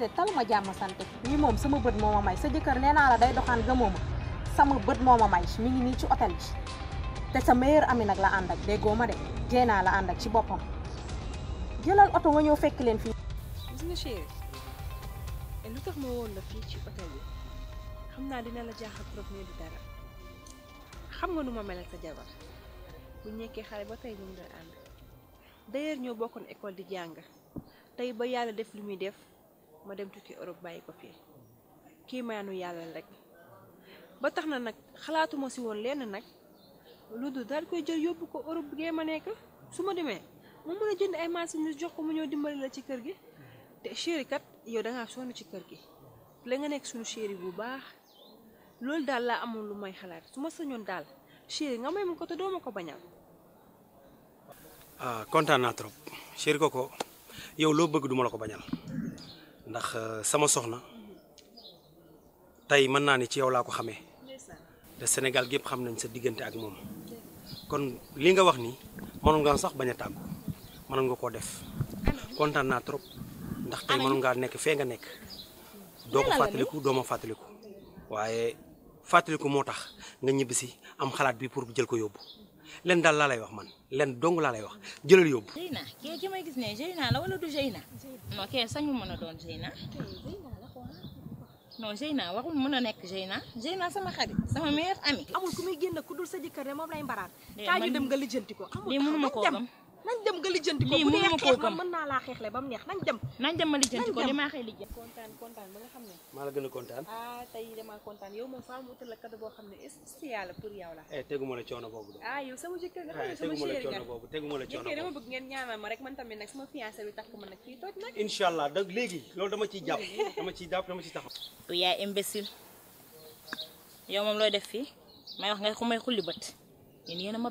déedéet taluma jàmm sant ñi moom sama bët moo ma may sa jëkkër nee naa la day doxaan gëmoo ma sama bët moo ma may mi ngi nii ci te sa meilleur ami nag la ànd ak déggoo ma de jeenaa la ànd ak ci boppam jëlal ñëw fekk leen fii. lu tax ma la fii ci hôtel bi naa dina la jaaxal xam nga nu ma mel ak sa jabar bu ñekkee xale ba tey ñu ngi doon ànd d'ailleurs ñoo bokkoon école di jàng tey ba yàlla def li muy def. ma dem tuti Europe Bayi ko fi ki maanu yalla rek ba taxna nak nag si won len nak lu dal koy jël yóbbu ko Europe ge ma nek suma demé mo meuna jënd ay machine jox ko mu ñoo dimbali la ci kër gi té chéri kat yow da nga sonu ci kër gi la nga nek suñu chéri bu baax lool dal la amul lu may xalaat suma ma dal chéri nga may mu ko te do mako bañal. ah trop chéri koko yow lo bëgg duma la ko bañal. ndax euh, sama soxna tey mën naa ne ci yow laa ko xamee te Sénégal gépp xam nañ sa diggante ak moom kon li nga wax ni mënoon nga sax bañ a tàggu mënoon nga koo def kontaan naa trop ndax tey mënoon ngaa nekk fee nga nekk doo ko fàttaliku doo ma fàttaliku waaye fàttaliku moo tax nga ñibbisi am xalaat bi pour jël ko yóbbu leen daal laa lay wax man leen dong laa lay wax jëlal yóbbu. Zeyna kii may gis ne Zeyna la wala du Zeyna. non kii mën a doon Zeyna. non Zeyna waxul mën a nekk Zeyna Zeyna sama xarit sama meilleure amie. amul ku muy génn ku dul sa jëkkër ne moom lay mbaraat. kaa ñu dem nga lijjanti ko li mënuma koo gëm. nañ dem nga lijjanti ko bu dee xeex man mën naa laa xeexle neex nañ dem nañ dem ma ko ba nga la ah tey damaa kontaan yow moom faa mu la kado boo xam spécial pour yow la eh teguma la coono boobu ah yow sama jëkkër nga xam eh, sama chéri nga boobu teguma la coono boobu dama bëgg ngeen ñaanal ma rek man tamit nag sama fiancé bi takk ma nag fii tooj nag inshallah dag léegi loolu dama ciy jàpp dama ciy jàpp dama ciy taxaw yow yaa imbécile yow moom looy def fii may wax nga xumay xulli ma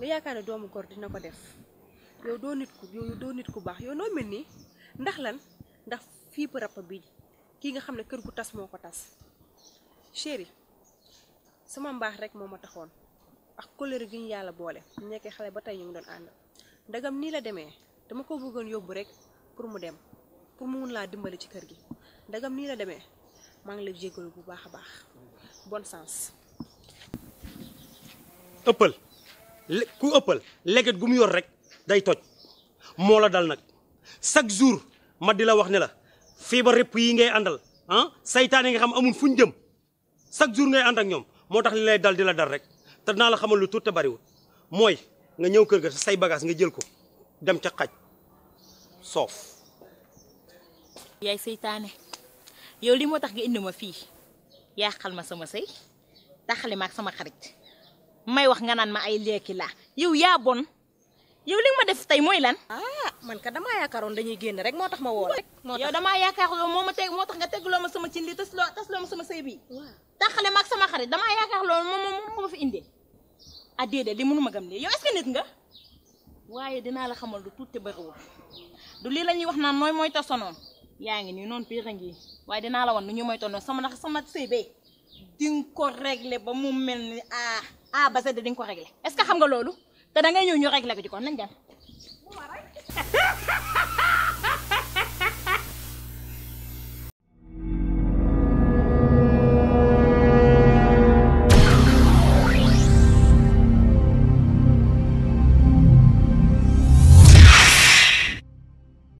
nga yaakaar doomu gor dina ko def yow doo nit ku yow doo nit ku baax yow noo mel nii ndax lan ndax fii ba ràpp bi kii nga xam ne kër gu tas moo ko tas chéri sama mbaax rek moo ma taxoon ak colère gi ñu yàlla boole ñu xale ba tey ñu ngi doon ànd ndagam nii la demee dama ko bëggoon yóbbu rek pour mu dem pour mu mun laa dimbali ci kër gi ndagam nii la demee maa ngi la jégalu bu baax baax bon sens ëppal ku ëppal leget gu mu yor rek day toj moo la dal nag chaque jour ma di la wax ne la fiiba rëpp yi ngay àndal ah saytaan nga xam amul fu ñu jëm chaque jour ngay ànd ak ñoom moo tax li lay dal di la dal rek te naa la xamal lu tuut te bariwul mooy nga ñëw kër ga say bagage nga jël ko dem ca xaj soof yaay saytaane yow li moo tax nga indi ma fii xal ma sama sëy taxale ma ak sama xarit may wax nga naan ma ay leeki la yow yaa bon yow li ma def tey mooy lan. ah man ka damaa yaakaaroon dañuy génn rek moo tax ma woon rek. yow damaa yaakaar moo ma teg moo tax nga teg sama cin li tas loo loo sama sëy bii. waaw taxale sama xarit damaa yaakaar loolu moom moom ma fi indi ah déedéet li mënuma gëm de yow est-ce nga. waaye dinaa la xamal du tuuti bëriwul du lii la ñuy wax naan nooy mooy tasonoon yaa ngi nii noonu pire a ngi waaye dinaa la wan nu ñu mooy tonoon sama ndax sama sëy bee di ko régler ba mu mel ni ah. A ah, ba Z di nga ko réglé est que xam nga loolu te da ngay ñëw ñu réglé ko ci